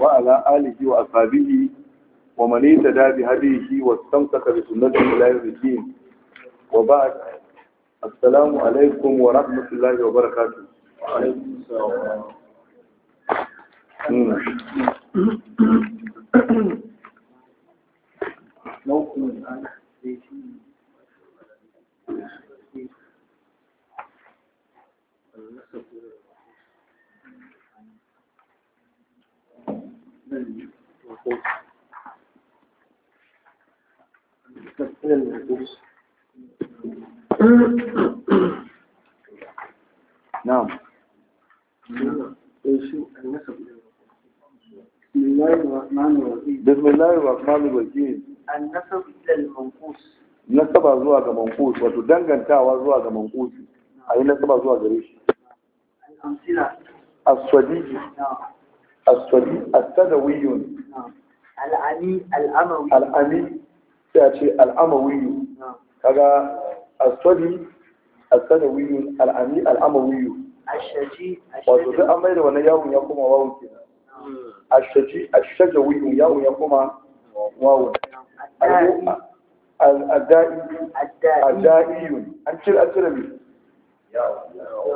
wa'ala aliki wa asabihi wa mani ta dabi hadihi wa samsaka da sunanta milayar rikin wa ba assalamu alaikum wa rahmatullahi wa barakatu alaikun sa'awa نعم بسم الله الرحمن الرحيم بسم الله النسب إلى المنقوص nasaba ازوا ga mankus wato dangantawa zuwa ga mankusi a nasaba zuwa gare shi al-amsila aswadi السدوي العمي الأموي العمي تأتي الأموي كذا السدي السدوي العمي الأموي الشجي وتوزي أمير وانا يوم يقوم واو كده الشجي الشجوي يوم يقوم واو الدائي الدائي أنشر أنشر بي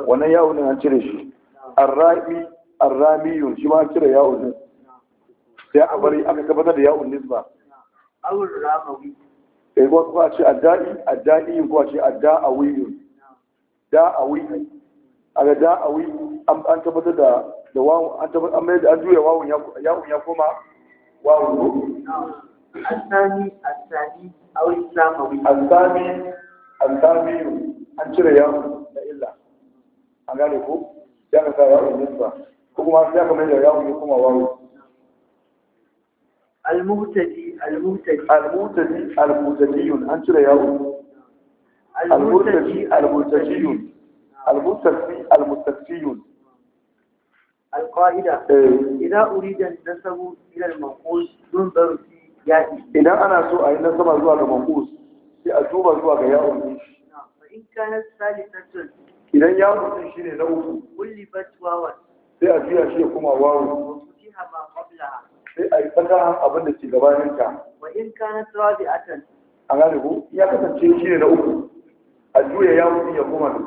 وانا يوم أنشر شي الرائي arramiyun shi ma cire ya'un din sai a bari aka tabbatar da ya'un nisba awul ramawi eh ko kuma ce addai addai ko ce adda'awiyun da'awi aga da'awi an an tabbatar da da wawu an tabbatar an mai da an juya wawun ya ya'un ya koma wawun asani asani awul ramawi asani asani an cire ya'un da illa an gane ko ya ka kuma sai aka mai da yawon المهتدي المهتدي المهتدي المهتدي أن ترى يوم المهتدي المهتدي المستكفي المستكفي القاعدة إيه. إذا أريد أن النسب إلى المنقوص ينظر في يائه إذا أنا سوء النسب زوى المنقوص أتوب زوى ياء نعم. فإن كانت ثالثة إذا ياء شيء نوف ولبت واوا sai a jiya shi ya kuma wawo sai a yi tsaka abin da ke gabaninta wa in kana tsawabi a gane ku ya kasance shi ne na uku a juya ya mutu ya kuma ne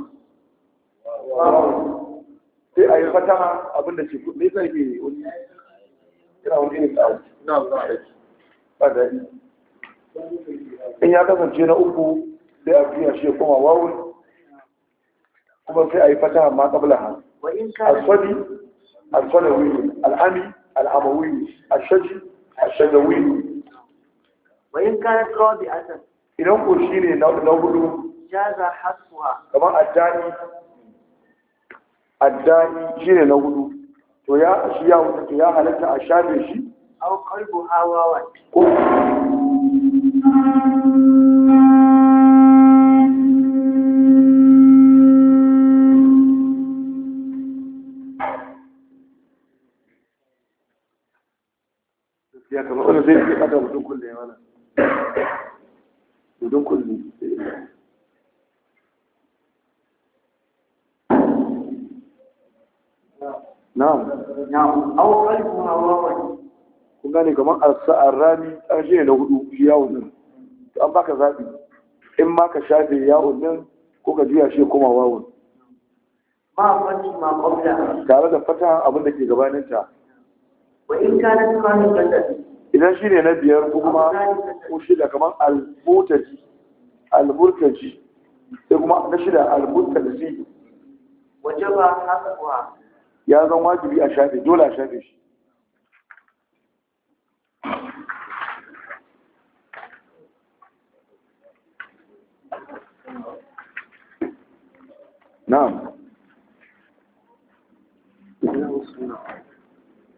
sai a yi fata abin da ke kuɗi sai ke wani yana wani irin tsari na ba in ya kasance na uku sai a juya shi ya kuma wawo kuma sai a yi fata ma kabla hannu الصبي الصلوي العمي العموي الشجي الشجوي وإن كانت رابعة إذا كنت شيني نقول جاز حسبها كما الداني الداني شيني نقول ويا شيا ويا هلك أشابه شي أو قلبها واوت na'am aw qalbuha wawan kun gane kamar as-sa'rami tsaje na hudu yawon nan to an baka zaɓi, in ma ka shafe yawon nan ko ka juya shi kuma wawon Ba fati ma qabla tare da fata abin da ke gabanin ta wa in kana kana idan shi ne na biyar ko kuma ko shida kamar al-mutaji sai kuma na shida al-murtaji wajaba hasabuha يا ما تبي اشافي دول اشافي نعم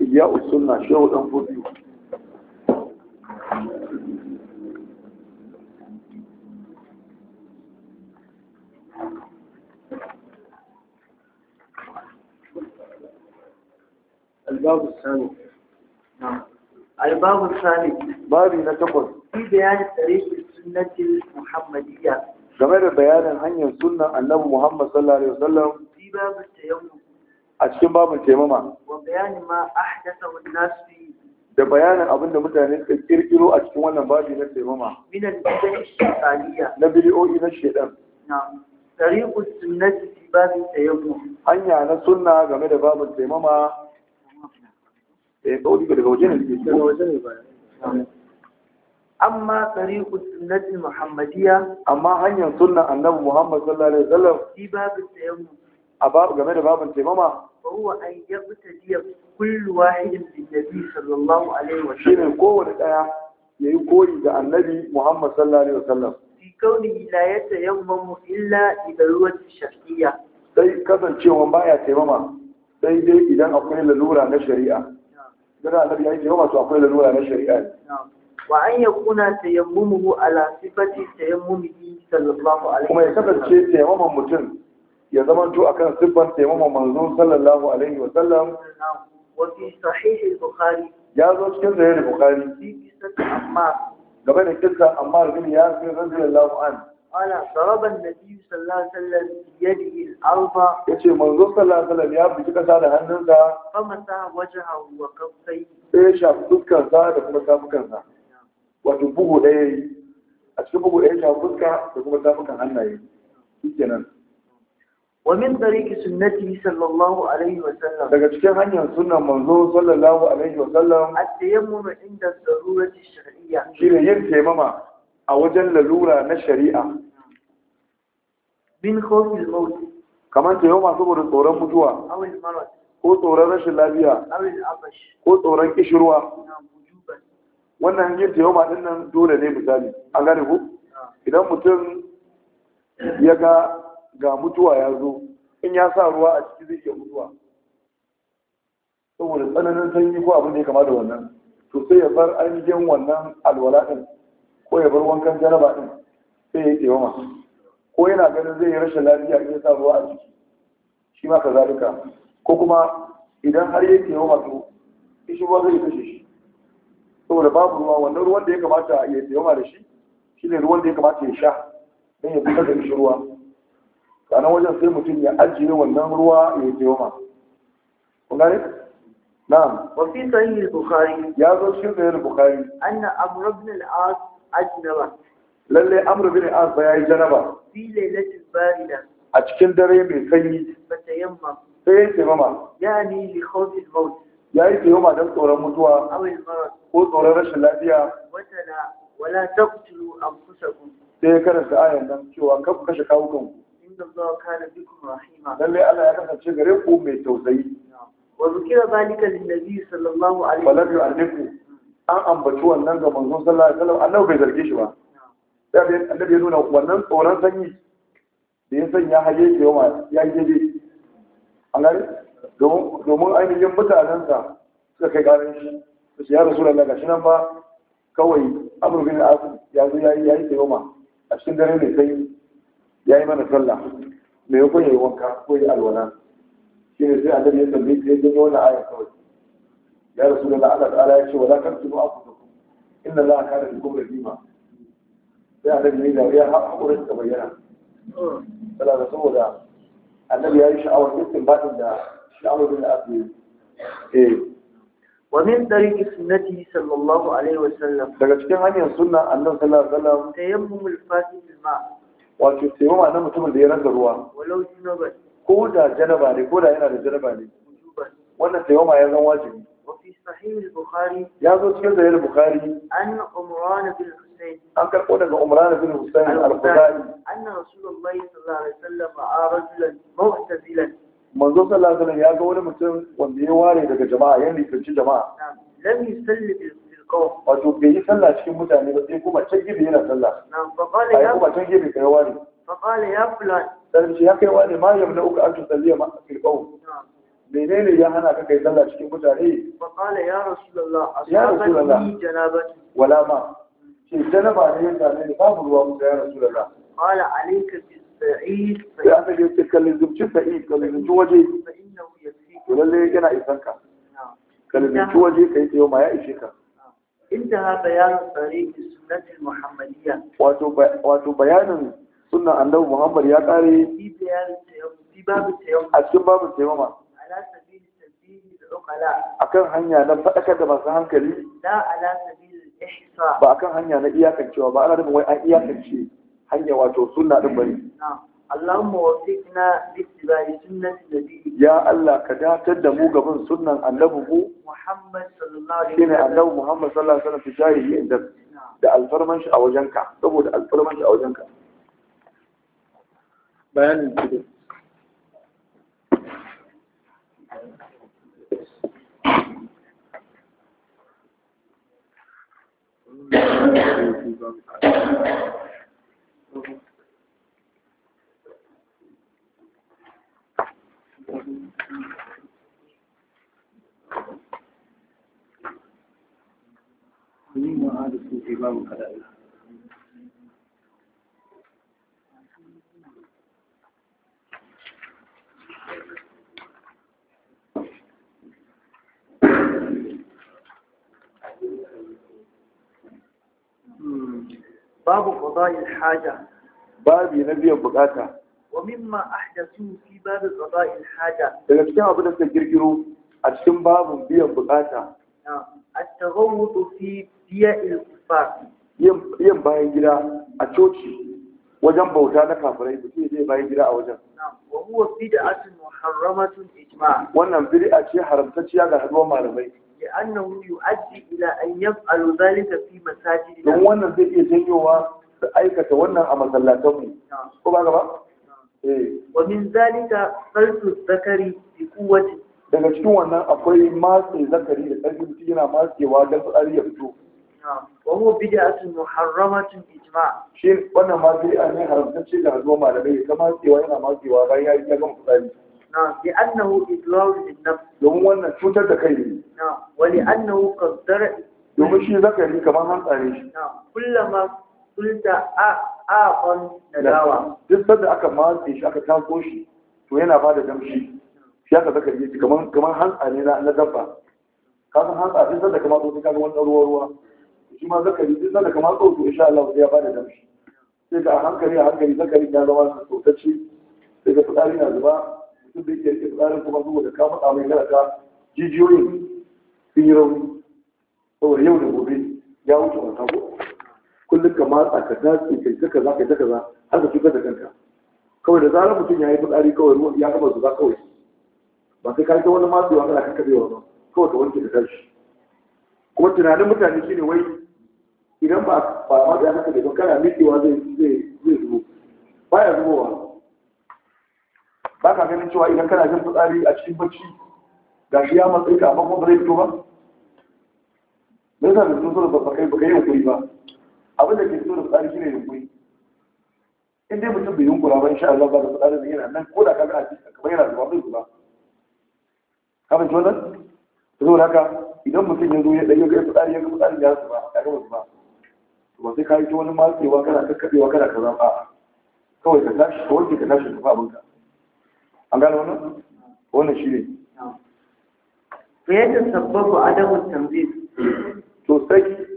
يا السنه شو الانفوديو الباب الثاني نعم الباب الثاني بابي نتقل في بيان طريق السنة المحمدية game da bayanin hanyar sunan annabi Muhammad sallallahu alaihi wasallam fi babu tayammum a cikin babu tayammuma wa bayanin ma ahdathahu an-nas fi da bayanin abinda mutane suka kirkiro a cikin wannan babu na taimama. Minan al-bid'ah na bid'o'i na shaytan na'am sunnati fi babu hanya na sunna game da babu taimama. eh kauli daga waje amma tariqu sunnati muhammadiyya amma hanyar sunnan annabi muhammad sallallahu alaihi wasallam fi babu tayammum a babu game da babin taimama huwa an yabtadiya kullu wahidin bin nabi sallallahu alaihi wasallam shine kowanne daya yayi koyi ga annabi muhammad sallallahu alaihi wasallam fi kauni la yatayammamu illa bi darurati shar'iyya sai kasancewa baya taimama sai dai idan akwai lalura na shari'a dan annabi ya ce yawa to akwai lalura na shari'a ne wa an yakuna tayammumuhu ala sifati tayammumihi sallallahu alaihi kuma ya kasance tayammumin mutum ya zama to akan siffar tayammumin manzo sallallahu alaihi wa sallam wa fi sahih al-bukhari ya zo cikin sahih al-bukhari amma gaba da kissa amma bin ya fi radiyallahu anhu قال ضرب النبي صلى الله عليه وسلم بيده Ya ce, Manzo صلى الله عليه وسلم يا بيجي كذا ده هنن kuma tafukan sa wato bugu ɗaya a cikin bugu ɗaya shafi fuska da kuma tafukan hannaye shikenan ومن طريق سنته sallallahu alaihi wa sallam. daga cikin hanyar sunnan manzo sallallahu alaihi wasallam at-tayammum inda ad-darurati ash-shar'iyyah shi ne yin taimama. a wajen lalura na shari'a bin khofil maut kamar ta yau masu gudun tsoron mutuwa ko tsoron rashin lafiya ko tsoron kishirwa wannan yin ta yau ma nan dole ne misali an gane ku idan mutum ya ga ga mutuwa ya zo in ya sa ruwa a ciki zai iya mutuwa saboda tsananin sanyi ko abin da ya kama da wannan to sai ya bar ainihin wannan alwala ɗin ko ya bar wankan jaraba din sai ya tewama ko yana ganin zai yi rashin lafiya in ya sa ruwa a ciki, shi ma ka zalika ko kuma idan har ya tewama masu shi ruwa zai kashe shi saboda babu ruwa wannan ruwan da ya kamata ya tewama da shi shi ne ruwan da ya kamata ya sha don ya fitar da shi ruwa sannan wajen sai mutum ya ajiye wannan ruwa ya tewama Ku gane na'am wa fi sahih al-bukhari ya zo shi sahih al-bukhari anna amr ibn al-as ajnaba lalle Amru bin as ba yayi janaba fi lailatin barida a cikin dare mai sanyi Bata yamma sai ya ce mama yani li khawfil maut yayi ce mama dan tsoron mutuwa ko tsoron rashin lafiya watana wala taqtulu anfusakum sai ya karanta ayan nan cewa kaf kashe kawukan ku inna allaha kana bikum rahima lalle Allah ya kasance gare ku mai tausayi wa kira zalika lin nabi sallallahu alaihi wa sallam an ambaci wannan ga manzon sallallahu alaihi wasallam annabi bai zarge shi ba sai annabi ya nuna wannan tsoron sanyi da ya sanya haje ke yawa ya yi daidai an gani domin ainihin mutanensa suka kai garin shi su ya rasu da gashi nan ba kawai amurkin ya zo ya yi yawa a cikin dare mai sanyi ya yi mana sallah mai yakon ya yi wanka ko ya alwana shi ne sai annabi ya tambaye ya janyo wannan ayar kawai ya rasu da Allah ta'ala ya ce wa la taktubu anfusakum inna Allah kana bikum rahima sai annabi ne da ya haƙura ta bayyana da saboda annabi ya yi sha'awar dukkan batin da sha'awar bin asiri eh ومن طريق سنته صلى الله عليه sallam. daga cikin hanyar sunna annabi sallallahu alaihi wasallam tayammum al-fasid al-ma wato tayammum na mutumin da ya rasa ruwa walau jinaba ko da janaba ne ko da yana da janaba ne wannan tayammum ya zama wajibi وفي صحيح البخاري يا زوج كيف البخاري أن عمران بن حسين أن تقول أن عمران بن حسين الخزاعي أن رسول الله صلى الله عليه وسلم رأى رجلا معتزلا منذ صلى الله عليه وسلم يا قول مسلم وندي واري daga jama'a yan rikici jama'a lam yusalli bil qawm wato bai yi sallah cikin mutane ba sai kuma can gibe yana sallah na fa qala ya kuma can kai wari fa qala ya fulan dan shi ya ma menene ya hana ka kai sallah cikin mutane ya rasulullah ya rasulullah janabati wala ma ce janaba ne ya same ni babu ruwa mu ya rasulullah qala alayka ya ta yace kallin zubci sa'id kallin zubci waje fa innahu yafiki lalle yana isanka kallin zubci waje kai tsayo ma ya ishe ka انتهى بيان طريق السنة المحمدية واتو بيان سنة أنه محمد يا قاري في بيان في باب التيمم أسكن باب ala sabil tasbihi al-uqala akan hanya na fadakar da masu hankali la ala sabil ihsa ba akan hanya na iyakancewa ba ana nufin wai an iyakance hanya wato sunna din bane Allahumma bi ittiba'i sunnati ya Allah ka datar da mu gaban sunnan annabi mu Muhammad sallallahu alaihi wasallam annabi Muhammad sallallahu alaihi wasallam tijahi inda da alfarman shi a wajenka saboda alfarman shi a wajenka bayanin わけだ。国のある筋は伺う。qada'il haja babi na biyan bukata wa mimma ahdathu fi bab qada'il haja daga cikin abin da suka girgiro a cikin babin biyan bukata at-taghawwud fi diya'il kufar yin bayan gida a coci wajen bauta na kafirai mutum zai bayan gida a wajen muharramatun wannan bid'a ga malamai لأنه يؤدي إلى أن يفعل ذلك في مساجد wannan zai iya janyowa da aikata wannan a masallatanmu ko ba gaba eh. wa min zalika qaltu zakari bi quwwati daga cikin wannan akwai matse zakari da ƙarfi mutum yana matsewa don tsari ya fito wa huwa bid'atun muharramatun ijma shi wannan ma bid'a ne haramtacce da hazo malamai ta matsewa yana matsewa bayan ya yi gama fitsari na bi annahu idlaw lin-nafs domin wannan cutar da kai ne na wa li annahu qaddara domin shi zakari kamar hantsare shi na kullama sulta a a afan nadawa duk sanda aka mace shi aka taso shi to yana ba da damshi shi aka zaka yi kamar kamar hantsa ne na dabba ka san hantsa duk sanda kamar tsotsi ka ga wani ruwa ruwa shi ma yi. duk sanda kamar tsotsi insha Allah zai ba da damshi sai ga hankali a hankali zakari ya zama tsotacce sai ga fitsari na zuba mutum da yake fitsarin kuma saboda ka faɗa mai karata jijiyoyin sun yi rauni saboda yau da gobe ya wuce wata ko kullum ka matsa ka datse kai ta kaza ka kaza har ka cutar da kanka kawai da zarar mutum ya yi fitsari kawai ruwan ya gama zuba kawai ba sai ka ga wani matsewa kana kakkabewa ba kawai ka wanke da kanshi kuma tunanin mutane shine wai idan ba ba ma da haka da kana miƙewa zai zai zai zubo baya zubowa ba ka ganin cewa idan kana jin fitsari a cikin bacci gashi ya matsayi ka amma kuma ba zai fito ba me yasa da sun so ba kai ba kai yankuri ba abin da ke so da tsari shine yunkuri in dai mutum bai yunkura ba insha Allah ba da tsari da yana nan ko da kaga a cikin kamar yana zuwa bai zuwa kafin ki wannan to saboda haka idan mutum ya zo ya ga yaga tsari ya ga tsari ya zuwa ya gaba zuwa to ba sai yi ta wani matsewa kana kakkabewa kana kaza ba kawai ka tashi ka wanke ka tashi ka fa abinka an gane wannan wannan shi ne fa yadda sabbabu adamun tanzil to sai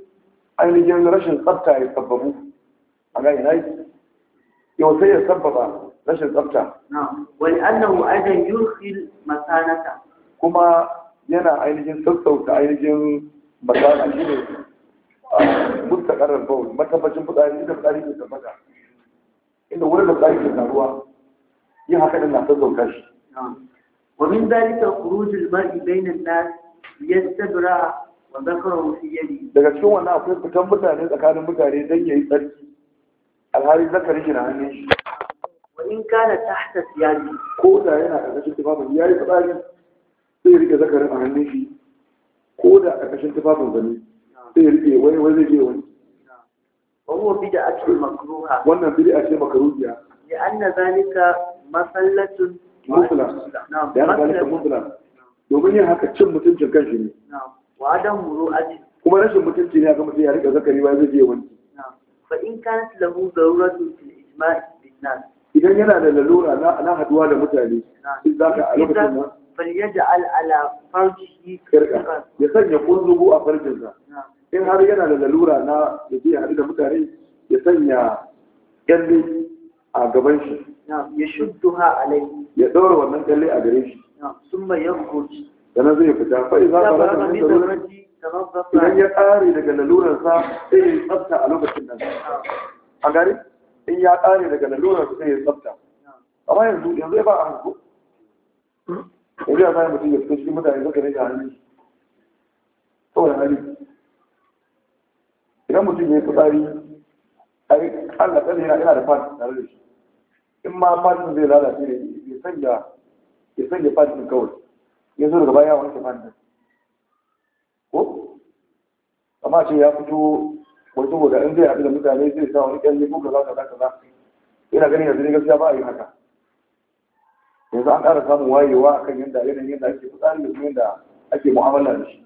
ainihin rashin tsafta ya sababu a gani na yau sai ya sababa rashin tsafta wani annahu aidan yursil masanata kuma yana ainihin sassauta ainihin masana shi ne mustaqarrar bawl matabbacin fitsari inda fitsari ke tabbata inda wurin da fitsari ke taruwa yin haka da na sassauta shi ومن ذلك خروج المرء بين الناس ليستبرع daga cikin wannan akwai fitan mutane tsakanin mutane don ya yi tsarki alhari zakari shi na hannun shi in kana tahta siyari ko da yana ƙarƙashin tufafin ya yi tsari sai rike zakarin a hannun shi ko da ƙarƙashin tufafin zane sai rike wani wani Wannan je wani ce بدعة ya an na مكروهة لأن ذلك مسلة مثلى na ذلك مثلى domin yin haka cin mutuncin kanshi ne wa adam muru aji kuma rashin mutunci ne ga mutum ya rika zakari ba zai je wanki fa in kanat lahu daruratu fil ijma' bin nas idan yana da lalura na haduwa da mutane in zaka a lokacin nan falyaj'al ala ya sanya a farjinsa in har yana da lalura na da zai haɗu da mutane ya sanya kyalle a gaban shi ya ha alai ya ɗora wannan kyalle a gare shi summa yakhruj da zai fita fa'i za ka rasa min larurarci idan ya ƙare daga lalurarsa sai ya yi tsafta a lokacin nan a gari in ya ƙare daga lalurarsa sai ya yi tsafta amma yanzu yanzu ya ba a hanku yanzu ya bayan mutum ya fito cikin mutane zaka rage hannu saboda hali idan mutum ya yi fitsari a yi ƙalla ƙalla yana da fata tare da shi in ma fatin zai lalace ne ya sanya fatin kawai ya zo daga baya wanke bandin ko amma ce ya fito wato da in zai haɗu da mutane zai sa wani kyalle ko kaza kaza kaza Ina ganin yanzu ne gaskiya ba a yi haka yanzu an ƙara samun wayewa akan yadda yanayin yadda ake fitsari da kuma yadda ake mu'amala da shi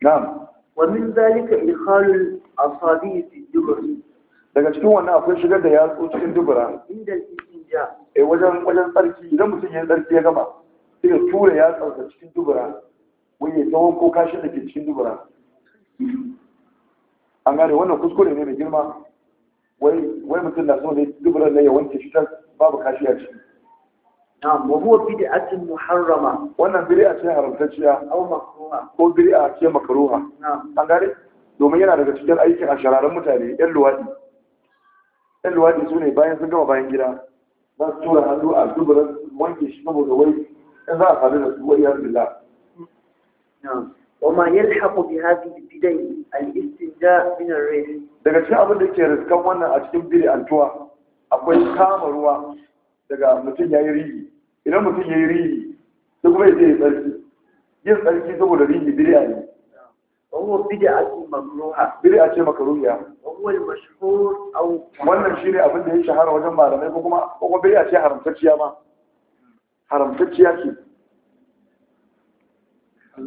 na'am wa min zalika idkhalul asabi fi dubri daga cikin wannan akwai shigar da yatsu cikin dubura inda istinja eh wajen wajen tsarki idan mutum ya tsarki ya gama sai ya tura ya tsauta cikin dubura wani tsawon ko kashin da ke cikin dubura an gane wannan kuskure ne mai girma wai mutum na so ne dubura na yawan ke shi babu kashi a ciki na'am wa a cikin muharrama wannan a ce haramtacciya aw makruha ko bid'a ce makruha na'am an gane domin yana daga cikin aikin a shararan mutane yan luwadi yan luwadi su ne bayan sun gama bayan gida za su tura hannu a duburan wanke shi saboda wai in za a faru da su wa iyar billah وما يلحق بهذه البدع الاستنجاء من الريح daga cikin abin da ke riskan wannan a cikin bid'antuwa akwai kama ruwa daga mutum ya yi rihi idan mutum ya yi rihi sai kuma yace ya tsarki yin tsarki saboda rihi bid'a ne وهو a ce بدعة مكروهة وهو المشهور أو wannan shi ne abin da ya shahara wajen malamai ko kuma ko bid'a ce haramtacciya ma haramtacciya ce eh,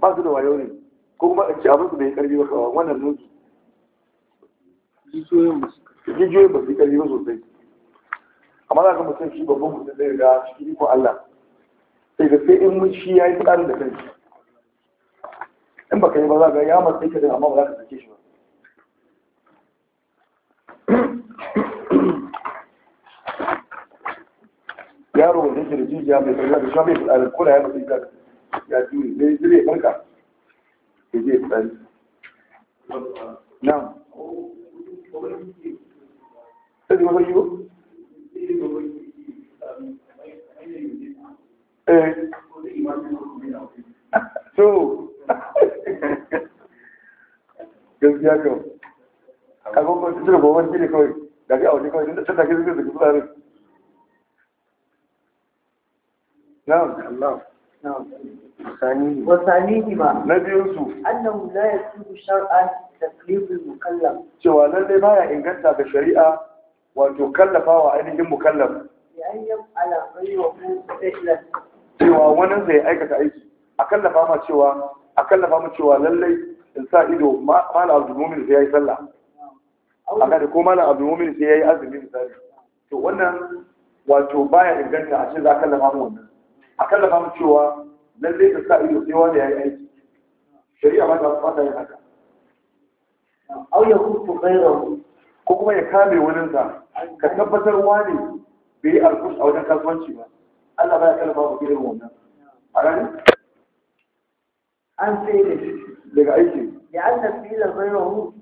ba su da wayo ne ko kuma ci abin su bai karbi ba wannan nuki jijiyoyin ba su karbi ba sosai amma za ka mutum shi babban mutum zai ga shi iko Allah sai ga sai in mun shi ya yi tsarin da kanshi in baka yi ba za ka ya matsayi ka amma ba za ka sake shi ba yaro wanda yake da jijiya mai tsarki da shafe fitsari ko ya mafi ga ya juye zai zai farka ya je fitsari na'am sai ba yi eh to gaskiya kan abin ba su cire gobe ne kawai da ga aure kawai da sun da ke zuwa da kusurin na'am Allah na'am sanihi wa sanihi ma na biyun su annahu la yasibu shar'an taklif al-mukallaf cewa nan dai inganta ga shari'a wato kallafawa ainihin mukallaf ya ayyam ala ghayrihi fi'lan cewa wani zai aikata aiki a kallafa ma cewa a kallafa lallai in sa ido mala abdulmumin sai ya sallah a kada ko abdulmumin sai to wannan wato baya inganta a ce za a kallafa mu wannan a da mu cewa lalle ka sa ido sai wani ya yi aiki shari'a ba ta fada yin haka aw ya kuntu ghairahu ko kuma ya kame wurin sa ka tabbatar wani bai yi alkus a wajen kasuwanci ba Allah ba ya kalla mu gidan wannan a gani an sai ne daga aiki ya an nasila ghairahu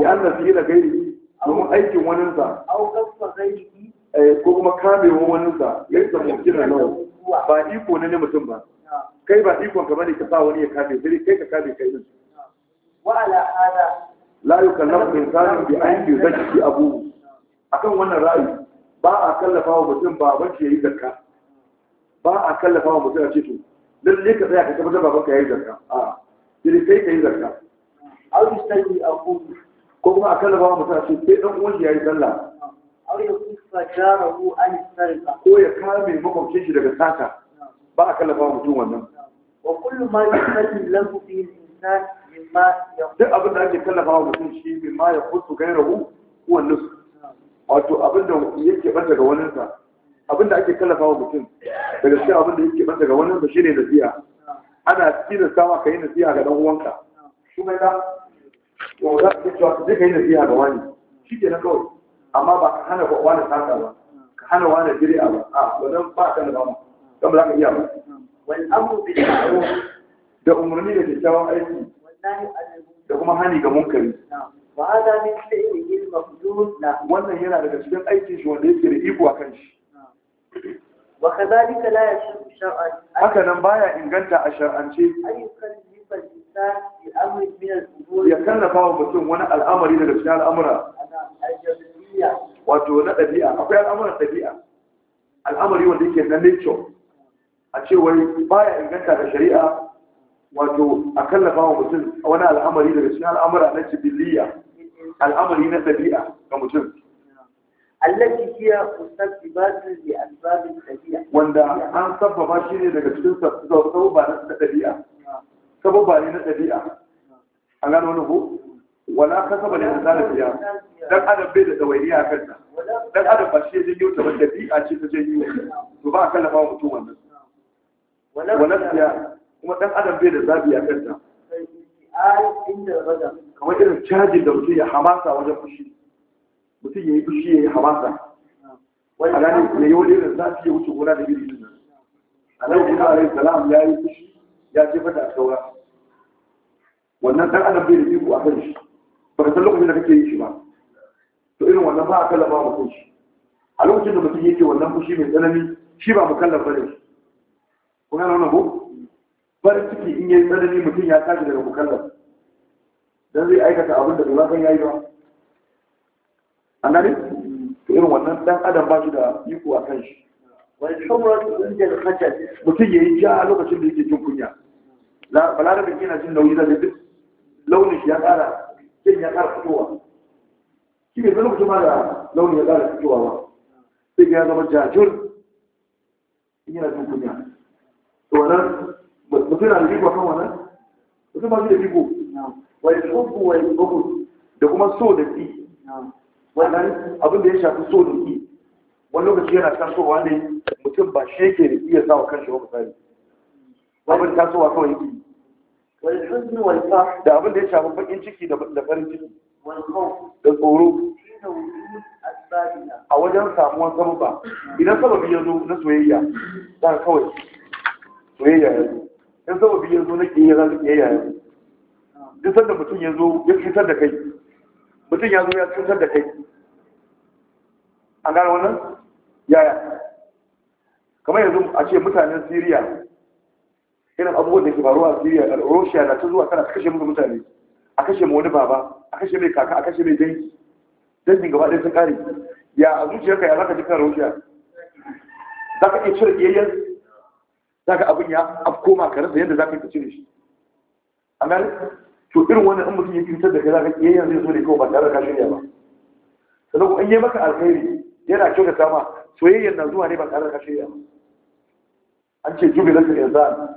ya an nasila gairi domin aikin waninsa au zai yi eh, ko kuma kame waninsa yadda mutum na nawa ba iko na ne mutum ba kai ba iko ka bane ka sa wani ya kafe sai kai ka kafe kai din wa ala hada la yukallafu insanu bi an yuzakki abu akan wannan ra'ayi ba a kallafa wa mutum baban shi yayi zakka ba a kallafa wa mutum a ce to lalle ka tsaya ka tabbatar ba ka yayi zakka a sai kai kai zakka au yustaki abu ko kuma a kallafa wa mutum a ce sai dan uwan shi yayi sallah aw yakuffa jarahu an ko ya kame makwabcin shi daga sata ba a kallafa mutum wannan wa kullu ma fi insan mimma duk abin da ake kallafa mutum shi mimma ya kusu gairahu huwa nusu wato abin da yake banta ga wani sa abin da ake kallafa mutum daga cikin abin da yake banta ga sa shine ana cikin sawa ka yi ga dan uwanka kuma da wa za ka ce ka yi nasiha ga wani shi ke na kawai amma ba ka hana ba wani sata ba ka hana wani bid'a ba a wannan ba ka da ba kan ba za ka iya ba abu amru bil ma'ruf da umarni da kyakkyawan aiki da kuma hani ga munkari wa hada min fi'lihi al-mafdud wannan yana daga cikin aiki shi wanda yake da iko kan shi wa kadhalika la yashru shar'an haka nan baya inganta a shar'ance ya kallafa wa mutum wani al'amari daga cikin al'amura wato na ɗabi'a akwai al'amuran ɗabi'a al'amari wanda yake na nature a cewar baya inganta da shari'a wato a kallafa wa mutum wani al'amari daga cikin al'amura na jibiliya al'amari na ɗabi'a ga mutum allati hiya musabbibatun li asbabil ɗabi'a. wanda an sabbaba shi ne daga cikin sababa na ɗabi'a sababa ne na ɗabi'a an gano wani ko wala kasaba a insana biya dan adam bai da dawainiya a kanta. dan adam ba shi ya janyo ta ba dabi'a ce ta janyo to ba a kallafa mutum wannan wala biya kuma dan adam bai da zabi a kanta. kamar irin cajin da mutum ya hamasa wajen fushi mutum ya yi fushi ya yi hamasa a gani ya yi wani irin zafi ya wuce gona da iri nan a nan kuma rai salam ya yi fushi ya jefa da saura wannan dan adam bai da iko a kan shi baka san lokacin da kake yi shi ba to irin wannan ba a kallaba mutum shi a lokacin da mutum yake wannan fushi mai tsanani shi ba mukallaf ne kuma gane wannan ko bari ciki in yayi tsanani mutum ya tashi daga mukallaf dan zai aikata abin da ba ma yayi ba an gane to irin wannan dan adam ba shi da iko a kan shi wani in inda da kacha mutum yayi ja lokacin da yake jin kunya da yana jin nauyi da duk launin shi ya kara sai ya ƙara fitowa shi ne zama kuma da launi ya ƙara fitowa ba sai ya zama jajur in yana jin kunya to wannan mutum na da riko kan wannan mutum ba shi da riko wa ya wai wa ya da kuma so da ƙi wannan abin da ya shafi so da ƙi wani lokaci yana tasowa ne mutum ba shi yake iya sa wa kanshi wa misali abin tasowa kawai yake da abin da ya shafi bakin ciki da farin ciki da tsoro a wajen samuwar sababa idan sababi ya zo na soyayya za ka kawai soyayya ya zo in sababi ya zo na kiyayya za ka kiyayya ya zo duk da mutum ya zo ya cutar da kai mutum ya zo ya cutar da kai an gane wannan yaya kamar yanzu a ce mutanen siriya irin abubuwan da ke faruwa a Syria a Russia na ta zuwa kana ta kashe muka mutane a kashe mu wani baba a kashe mai kaka a kashe mai dangi dangin gaba ɗaya sun kare ya a zuciyarka ya zaka ji kan Russia za ka iya cire ƙiyayyar za ka abin ya afkoma ka rasa yadda za ka yi ka cire shi a to irin wannan in mutum ya fitar da kai zaka ka zai zo ne kawai ba tare da ka shirya ba sannan kuma in yi maka alkhairi yana kyau da sama, soyayyar na zuwa ne ba tare da ka shirya ba an ce jubilantar yanzu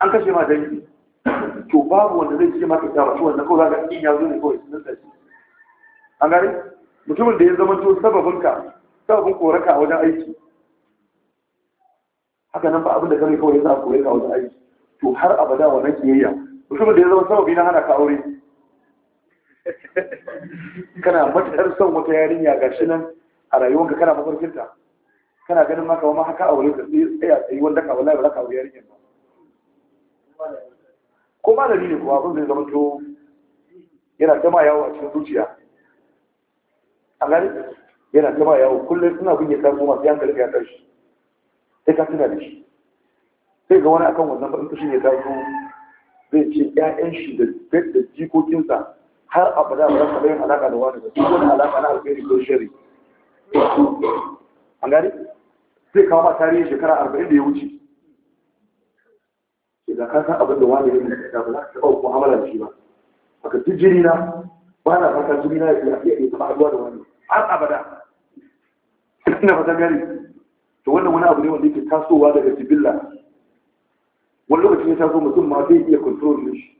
an kashe ma dangi to babu wanda zai ce maka ta rasuwa na kawai zaka in ya zo ne kawai sun tsaye an gari mutumin da ya zama to sababin ka sababin koraka a wajen aiki haka nan ba abin da kare kawai ya za a kore ka wajen aiki to har abada wannan kiyayya mutumin da ya zama sababi na hana ka aure kana matar son wata yarinya ga shi nan a rayuwanka kana mafarkinta kana ganin maka wama haka aure ka tsaye a tsaye wanda ka wallahi ba za ka aure yarinyar ba ko malami ne kuma abin zai zama to yana tama yawo a cikin zuciya a gari yana tama yawo kullum suna bin ya karbo masu yankali ya karshe sai ka tuna da shi sai ga wani akan wannan faɗin tushen ya karbo zai ce 'ya'yan shi da jikokinsa har abada ba za da yin alaƙa da wani da duk wani alaƙa na alƙairi ko shari an gari zai kawo ma tarihin shekara arba'in da ya wuce da ka san abin da wani ne da ka ba za ka taɓa mu'amala shi ba haka duk jini na ba na fata jini na ya yi iya taɓa haɗuwa da wani har abada ina fata gari to wannan wani abu ne wanda yake tasowa daga jibilla wani lokacin ya taso mutum ma zai iya control da shi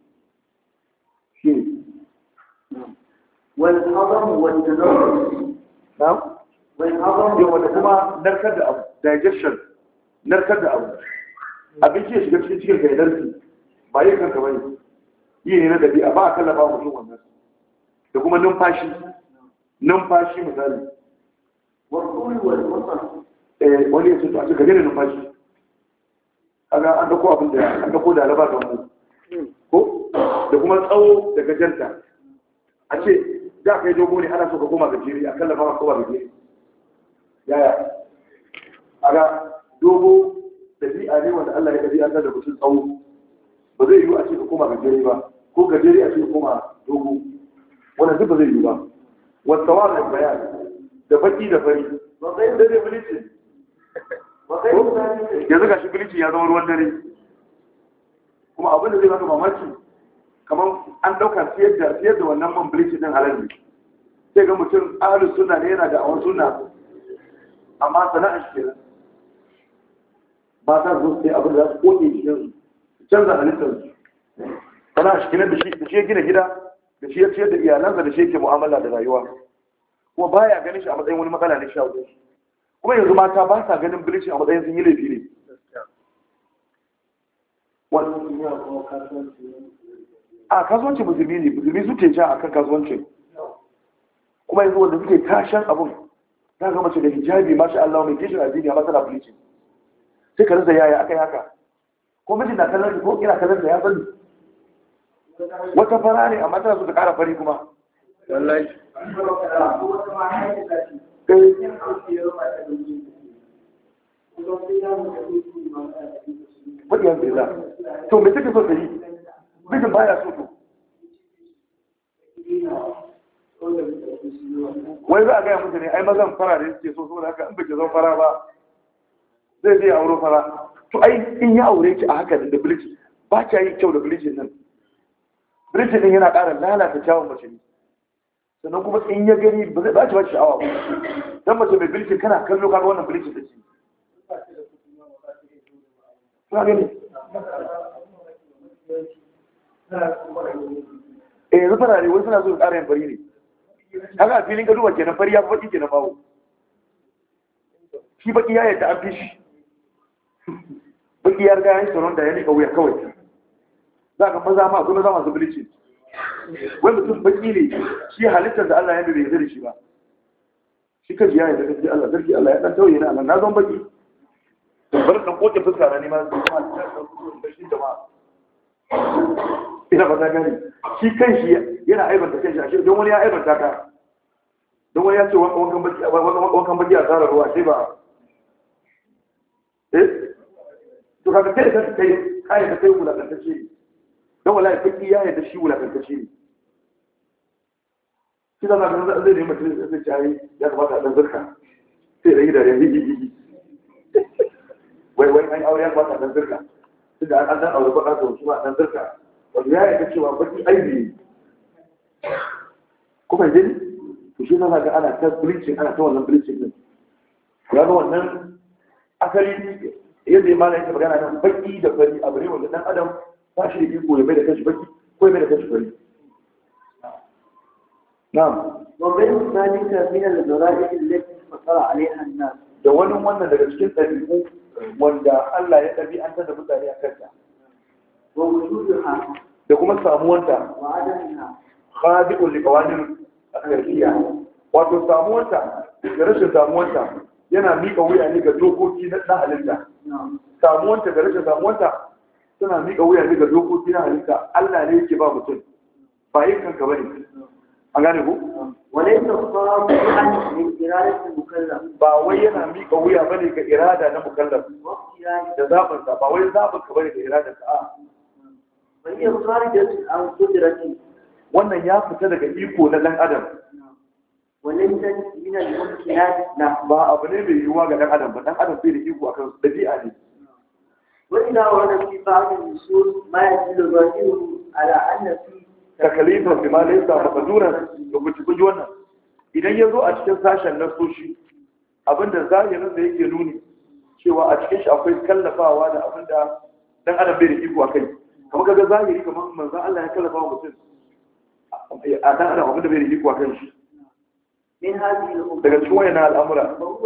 shi ne والهضم والتنظر نعم والهضم يوم تكما da abu digestion narkar da abu Abin ya shiga cikin cikin gaidarsu ba yin kanka ba ne yi ne na dabi'a ba a kallaba mutum wannan da kuma numfashi numfashi misali eh, wani ya sun a cika gani numfashi kaga an dako abin da an dako da alaba ga mu ko da kuma tsawo da gajanta a ce za ka yi dogo ne ana so ka koma gajeri a kallaba ka koma gajeri yaya aga dogo ɗabi'a ne wanda Allah ya ɗabi'antar da mutum tsawo ba zai yiwu a ce ka koma gajere ba ko gajere a ce ka koma dogo wannan duk ba zai yiwu ba wata wannan bayan da baki da fari matsayin dare bilicin yanzu ga shi bilicin ya zama ruwan dare kuma abin da zai baka mamaki kamar an ɗauka siyar da wannan man bilicin ɗin halar sai ga mutum ahalin suna ne yana da awon suna amma sana'ar shi kenan mata su sai abin da za su koke jikin su canza halittar su kana shi kina da shi ya gina gida da shi ya ciyar da iyalansa da shi yake mu'amala da rayuwa kuma baya ganin shi a matsayin wani matsala na shi a kuma yanzu mata ba sa ganin bilishi a matsayin sun yi laifi ne a kasuwanci musulmi ne musulmi su ke ja a kan kasuwanci kuma yanzu wanda suke tashan abun za ga mace da hijabi mashi Allah mai kishin addini a matsala bilicin sai ka rasa yaya aka yi haka ko mijin na kallon ko kira kallon da ya sani wata fara ne amma tana so ta kara fari kuma wallahi Wai za a gaya mutane, ai mazan fara da yake so, so da haka in ke zan fara ba, zai je aure fara to ai in ya aure ki a haka da bilicin ba ta yi kyau da bilicin nan bilicin din yana ƙara lalata kyawun mace ne sannan kuma in ya gani ba zai ba ki ba ba dan mace mai bilicin kana kallo ga wannan bilicin da ke kuna gani eh yanzu farare wani suna so ƙara yin fari ne haka a filin ka duba kenan fari ya fi baki kenan bawo shi baki ya yadda an fi shi bukiyar ya riga tsoron da ya nika wuya kawai za ka maza ma zuwa zama su bilici wai mutum baki ne shi halittar da Allah ya bai yarda shi ba shi kaji ya yarda da Allah sarki Allah ya ɗan tauye na Allah na zan baki bari ɗan koke fuska na neman su jama'a ina ba ta gani shi kanshi yana aibanta kanshi a don wani ya aibanta ka don wani ya ce wankan baki a tsara ruwa sai ba eh to kaga kai da kai kai da kai wulakantacce ne dan wallahi fiki ya yarda shi wulakantacce ne shi da zaka zai zai nemi mutum zai ce ai ya kamata a dan zurka sai da gidan yayi wai wai an aure ya kamata a dan zurka tunda an dan aure baka to shi ma dan zurka wato ya yarda cewa baki aibi ne kuma dai to shi zaka ga ana ta bleaching ana ta wannan bleaching din ya ga wannan asali yadda ma yake magana nan baki da fari a ne wanda dan adam ba shi da iko ya bai da kanshi baki ko ya bai da kanshi fari na'am wa bai zalika min al-zara'i allati fasara 'alayha an-nas da wani wannan daga cikin dabi'u wanda Allah ya dabi an da mutane a kanta wa wujuduha da kuma samuwanta wa adamuha khadi'un li qawanin al-khariyya wato samuwanta da rashin samuwanta yana miƙa wuya ne ga dokoki na halitta samuwanta da rashin samuwanta suna miƙa wuya ne ga dokoki na halitta Allah ne yake ba mutum ba yin kanka ne. an gane ku wala yake fara an min iradatul mukallaf ba wai yana miƙa wuya ba ne ga irada na mukallaf da zaɓin ba wai zaɓin ka bane ga irada ka a bayyana kharijat an qudrati wannan ya fita daga iko na ɗan adam ba abu ne mai yiwuwa ga dan adam ba Dan adam bai da iko akan su ɗabi'a ne وإذا ورد في بعض النصوص ما يدل ظاهره على أن في تكليفا بما ليس مقدورا lokaci kun ji wannan idan ya zo a cikin sashen nasoshi abinda zahirin da yake nuni cewa a cikin shi akwai kallafawa da abinda dan adam bai da iko akai kamar kaga zahiri kamar manzon Allah ya kallafa mutum a dan adam abinda bai da iko akan daga cewa yana al'amura to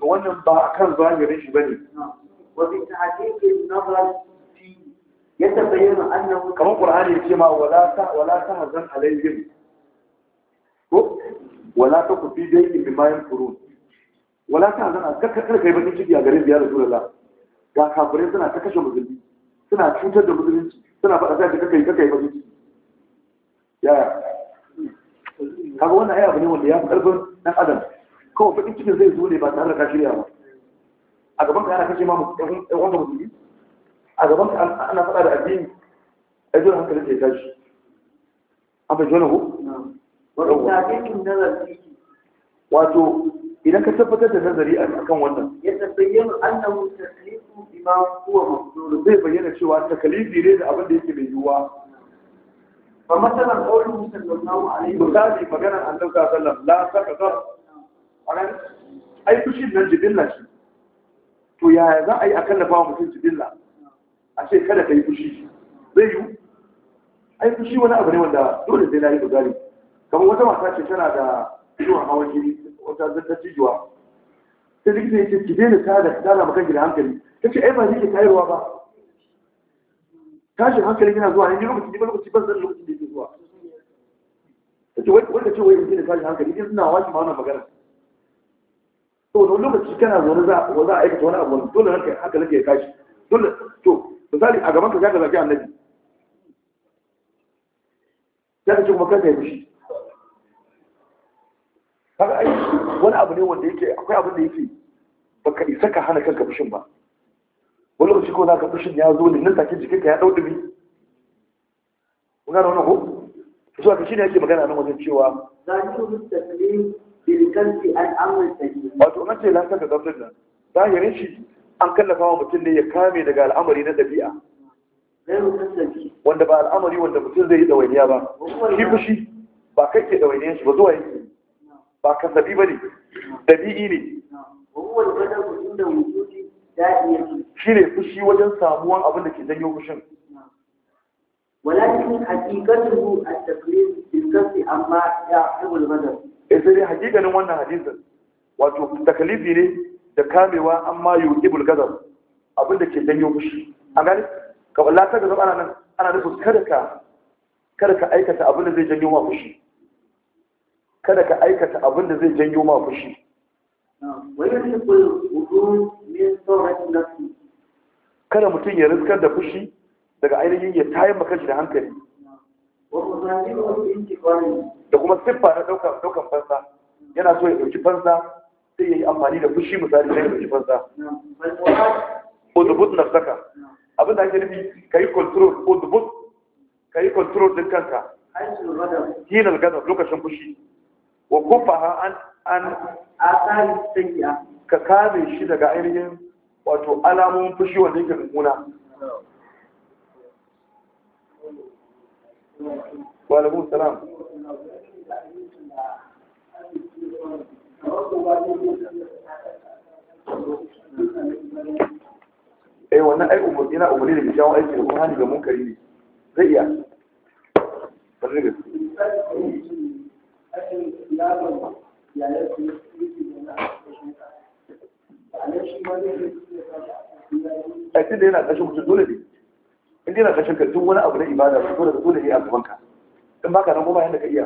wannan ba a kan zahirin shi bane kamar ƙur'ani ya ce ma wala ta hazan alayyar ko wala ta ku fi dai in mayan furu wala ta hazan a kakakar kai bakin ciki a garin biyar da tulala ga kafirai suna ta kashe musulmi suna cutar da musulunci suna faɗa ta kakai kakai bakin ciki kaga wannan ai abu ne wanda ya fi karfin dan adam kawai bakin cikin zai zo ne ba tare da ka shirya ba a gaban ka ana kashe ma mutum ɗan wanda musulmi a gaban ka ana faɗa da addini ai dole hankalin da ya tashi an bai jona ko wato idan ka tabbatar da nazari a kan wannan ya tabbayyana annahu taslifu bima huwa mafdul zai bayyana cewa takalifi ne da abin da yake mai yiwuwa فمثلا قوله صلى الله عليه وسلم مثالي مجانا الله لا تكذر أي كشي من جبلة شي to yaya za a yi a kallafa wa mutum jibilla a ce kada ka yi fushi zai yi ai fushi wani abu ne wanda dole sai na yi bugari kamar wata mata ce tana da ciwon hawan jini wata zata cijuwa sai likita ya ce ki hankali ta ce ai ba ni ke tayarwa ba Kashin hankali yana zuwa ne lokaci ne lokaci ban zan lokacin da yake zuwa kace wanda ce wai mutum da tashin hankali idan suna waki ma wannan magana to wani lokaci kana zaune za wa za a aikata wani abu dole haka haka nake ya kashi. dole to misali a gaban ka zaka zaki annabi zaka ce kuma kanka ya fushi kaga ai wani abu ne wanda yake akwai abin da yake baka isa ka hana kanka fushin ba wani lokaci ko za ka fushin ya zo ne nan take jikinka ya ɗau ɗumi kun gane wannan ko su aka shi ne ake magana nan wajen cewa wato nan ce lantar da zamdin nan zahirin shi an kallafa wa mutum ne ya kame daga al'amari na ɗabi'a wanda ba al'amari wanda mutum zai yi ɗawainiya ba shi fushi ba kai ke ɗawainiyan shi ba zuwa yake ba kasabi ba ne ɗabi'i ne Shi ne fushi wajen samuwan abin da ke janyo fushin walakin hakikatuhu at-taqlid bil kafi amma ya'qibu al-badal eh, sai ne hakikanin wannan hadisin wato takalifi ne da kamewa amma yuqibu al-ghadab abin da ke janyo fushi a gani ka wallahi ta gaba ana nan ana nufin kada ka kada ka aikata abin da zai janyo ma fushi kada ka aikata abin da zai janyo ma fushi kada mutum ya riskar da fushi daga ainihin ya tayin makashi da hankali da kuma siffa na daukan fansa yana so ya dauki fansa sai ya yi amfani da fushi misali sai ya dauki fansa odubut na saka abin da ake nufi ka yi kontrol odubut ka yi kontrol din kanka hinar gada lokacin fushi wa kufa ha an an asali sayya ka kame shi daga ainihin wato alamun fushi wanda yake mummuna walaikun salam eh wannan ai umar ina umarni da aiki da kuma ga munkari ne zai iya a cikin da yana ƙashin mutum dole ne in yana ƙashin ka duk wani abu na ibada su dole dole ne a gaban ka in ka nan kuma yadda ka iya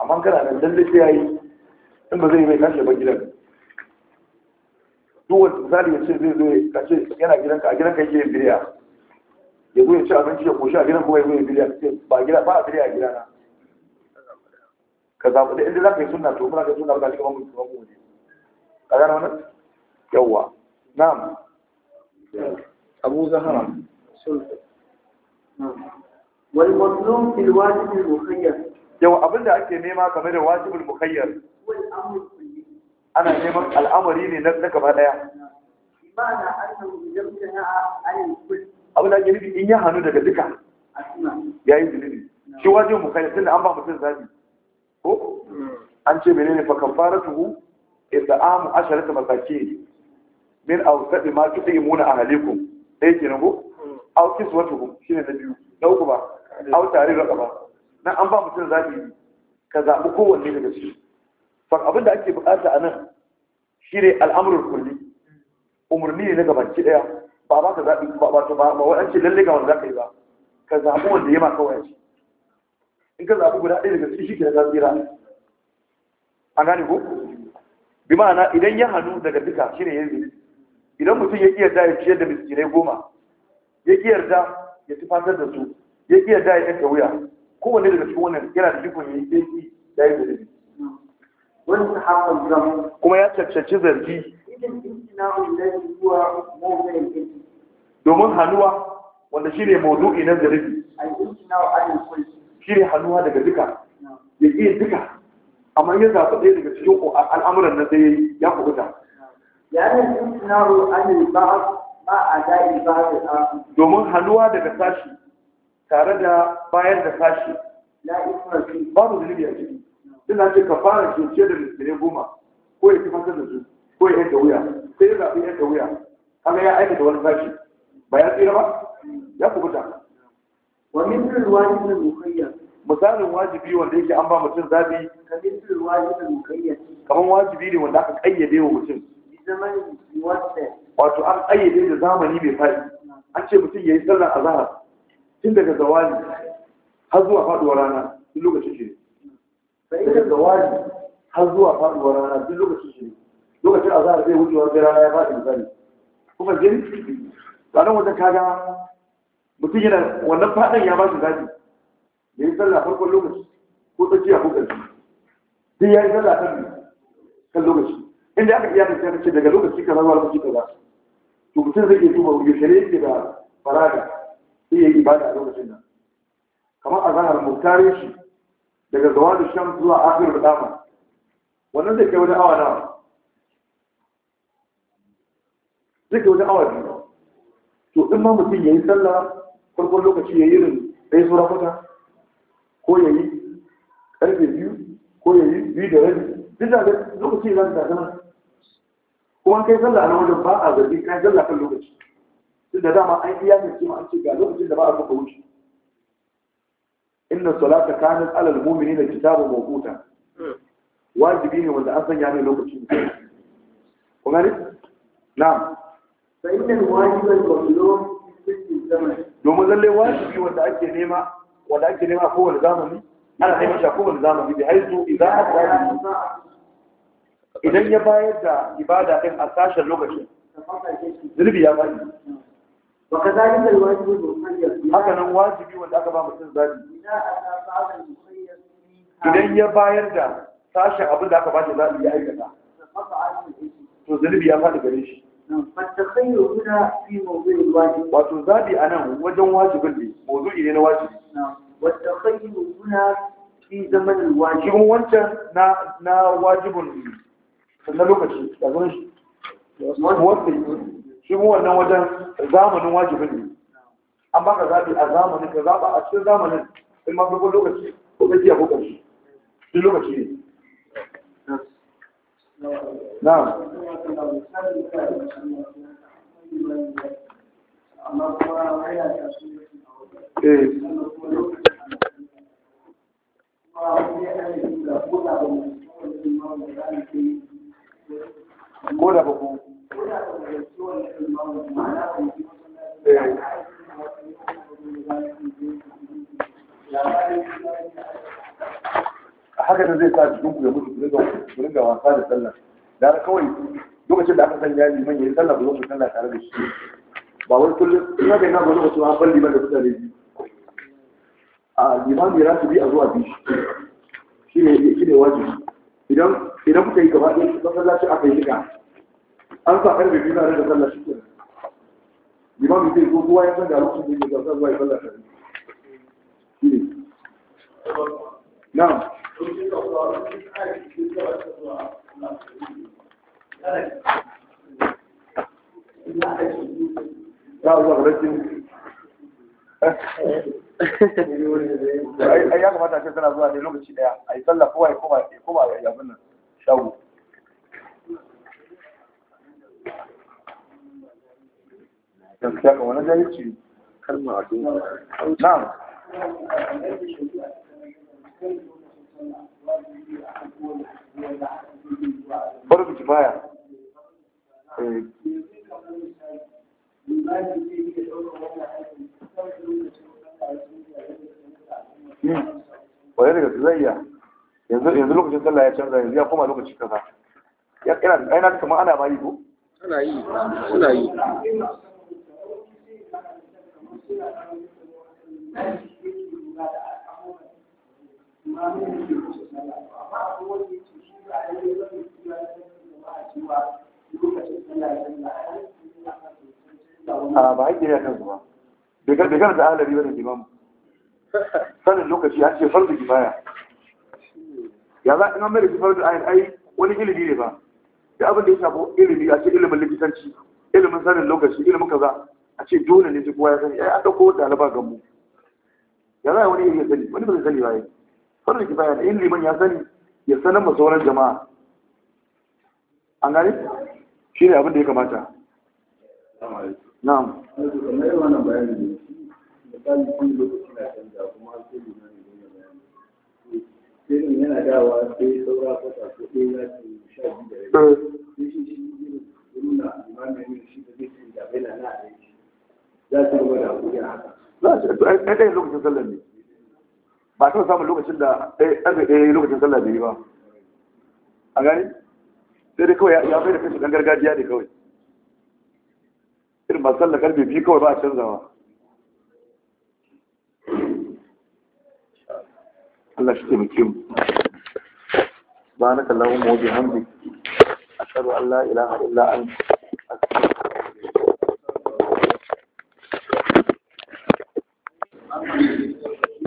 amma kana nan dan sai yayi in ba zai mai kashe ban gidan duk wanda misali ya ce zai zo ka ce yana gidan ka a gidan ka yake yin biriya ya zo ya ci abinci ya koshi a gidan kuma ya zo ya biriya ba a biriya a gidana ka zaɓi da inda za ka yi suna to muna ka suna ba za ka mamu kuma mu ne a gane wannan yawwa na'am abu zahara wal mazlum fil wajib al mukhayyar yau abinda ake nema game da wajib al mukhayyar ana neman al'amari ne na gaba daya abin da ake nufi in ya hannu daga duka ya yi zunubi shi wajen mukayyar tun da an ba mutum zabi ko an ce menene fa kafaratuhu it'amu asharata masakin min sabi ma tudimuna ahlikum dai kenan ko aw kiswatuhum shine na biyu na uku ba aw tare da ba nan an ba mutum zabi ka zabi kowanne daga cikin fa abin da ake bukata anan shine al'amrul kulli umurni ne na gabaki daya ba ba ka zabi ba ba ba wai an ce lalle ga wanda zaka yi ba ka zabi wanda yema kawai in ka zaɓi guda ɗaya daga cikin shi ke da tsira A gane ko bi ma'ana idan ya hannu daga duka shi ne yanzu idan mutum ya iya da ya ciyar da miskinai goma ya iya da ya fatar da su ya iya da ya yanka wuya kowanne daga cikin wannan yana da jikon yayi sai da ya zai wani hakan zam kuma ya cancanci zargi domin hannuwa wanda shi ne maudu'i na zargi cire hannuwa daga duka ya iya duka amma ya zafi ɗaya daga cikin al'amuran na zai ya kubuta ya ne tunaru an ba ba a da'i ba da domin hannuwa daga sashi tare da bayan da sashi babu zunubi a ciki ina ce ka fara cuce da miskirai goma ko ya ci fasar da su ko ya yanka wuya sai ya zafi yanka wuya kaga ya aikata wani sashi ba ya tsira ba ya kubuta wa min ruwa ne mukhayya misalin wajibi wanda yake an ba mutum zabi kamar wajibi ne wanda aka kayyade wa mutum wato an kayyade da zamani mai faɗi an ce mutum ya yi sallar azahar tun daga zawali har zuwa faɗuwar rana duk lokacin shi ne daga zawali har zuwa faɗuwar rana duk lokacin shi ne lokacin azahar zai wucewa sai rana ya faɗi misali kuma jin ranar wajen kaga mutum yana wannan faɗin ya ba shi zafi ya yi sallah farkon lokaci ko tsakiya ko ƙarfi duk ya yi sallah kan kan lokaci inda aka iya kan ce daga lokaci kaza zuwa lokaci kaza to mutum zai iya tuba yaushe ne yake da faraga sai ya yi ibada a lokacin nan kamar a zahar mutare shi daga zawadu shan zuwa akhir dama wannan zai kai wani awa nawa zai kai wani awa biyu to in ma mutum ya yi sallah farkon lokaci ya yi irin ɗaya sura kwata ko ya yi ƙarfe biyu ko ya yi biyu da rabi duk da lokaci za ka zama kuma kai zalla a wajen ba a zargi kai zalla kan lokaci duk da dama an iya ne cewa an ce ga lokacin da ba a kuka wuce inna salata kanat alal mu'minina kitabun mawquta wajibi ne wanda an sanya ne lokacin ku gani na'am fa inna wajiban wa domin lalle wajibi wanda ake nema wanda ake nema kowane zamani ana neman shi a kowane zamani da haizu idan aka idan ya bayar da ibada ɗin a sashen lokacin zurbi ya bari baka zai da wajibi haka nan wajibi wanda aka ba mutum zaɓi. idan ya bayar da sashen abin da aka ba shi zabi ya aikata to zurbi ya faɗi gare shi wato zabi a nan wajen wajibin ne mazu'i ne na wajibi والتخيل هنا في زمن الواجب وانت نا نا واجب na lokaci da zuwa shi shi mu wannan wajen zamanin wajibin ne an baka zaɓi a zamanin ka zaɓa a cikin zamanin in ma farkon lokaci ko tsakiya ko ƙarshe lokaci ne ko da ba haka da zai sa cikin ku ya mutu ku ringa wasa da sallah da kawai lokacin da aka san liman ya yi sallah ku zo ku sallah tare da shi ba kullum ina da ina gwada wasu haɓar liman da mutane biyu a liman ya rasu bi a zuwa bi shi ne shi ne waje idan idan kuka yi gaba ɗaya masallaci aka yi duka an sa ƙarfe biyu na rage sallah shi kenan liman zai zo kowa ya san da lokacin da yake zasa zuwa ya sallah tare shi ne na'am Thank you. za ya kamata ce tana zuwa lokaci daya a yi sallah kowa ya ya kwaye daga zayya yanzu yanzu lokacin sallah ya canza yanzu ya koma lokacin kaza ya ina aina kamar ana yi ko ana yi suna yi lokacin ya a ba haƙƙi ya kansu ba bai gana da ahalari ba da limamu sanin lokaci an ce farzu kifaya ya za in ina mai da kifar da ayin ai wani ilimi ne ba da abin da ya shafi ilimi a ce ilimin likitanci ilimin sanin lokaci ilimin kaza a ce dole ne kowa ya sani ai an ɗauko ɗaliba ga mu ya za wani ya sani wani ba zai sani ba yi farzu kifaya da in liman ya sani ya sanar ma sauran jama'a an gane shi ne abin da ya kamata. na'am kamar wannan bayani ne misali na canza kuma sai ne sai yana sai saura ya ce da sai ce na za su da haka za lokacin sallar ne ba ta samun lokacin da ɗaya ɗaya lokacin sallar ne ba a gani sai dai kawai ya bai da kashi ɗan gargajiya ne kawai irin masu sallar karfe biyu kawai ba a canzawa Allah shi taimake mu ba na kallon wa bihamdika ashhadu an Allah ilaha illa anta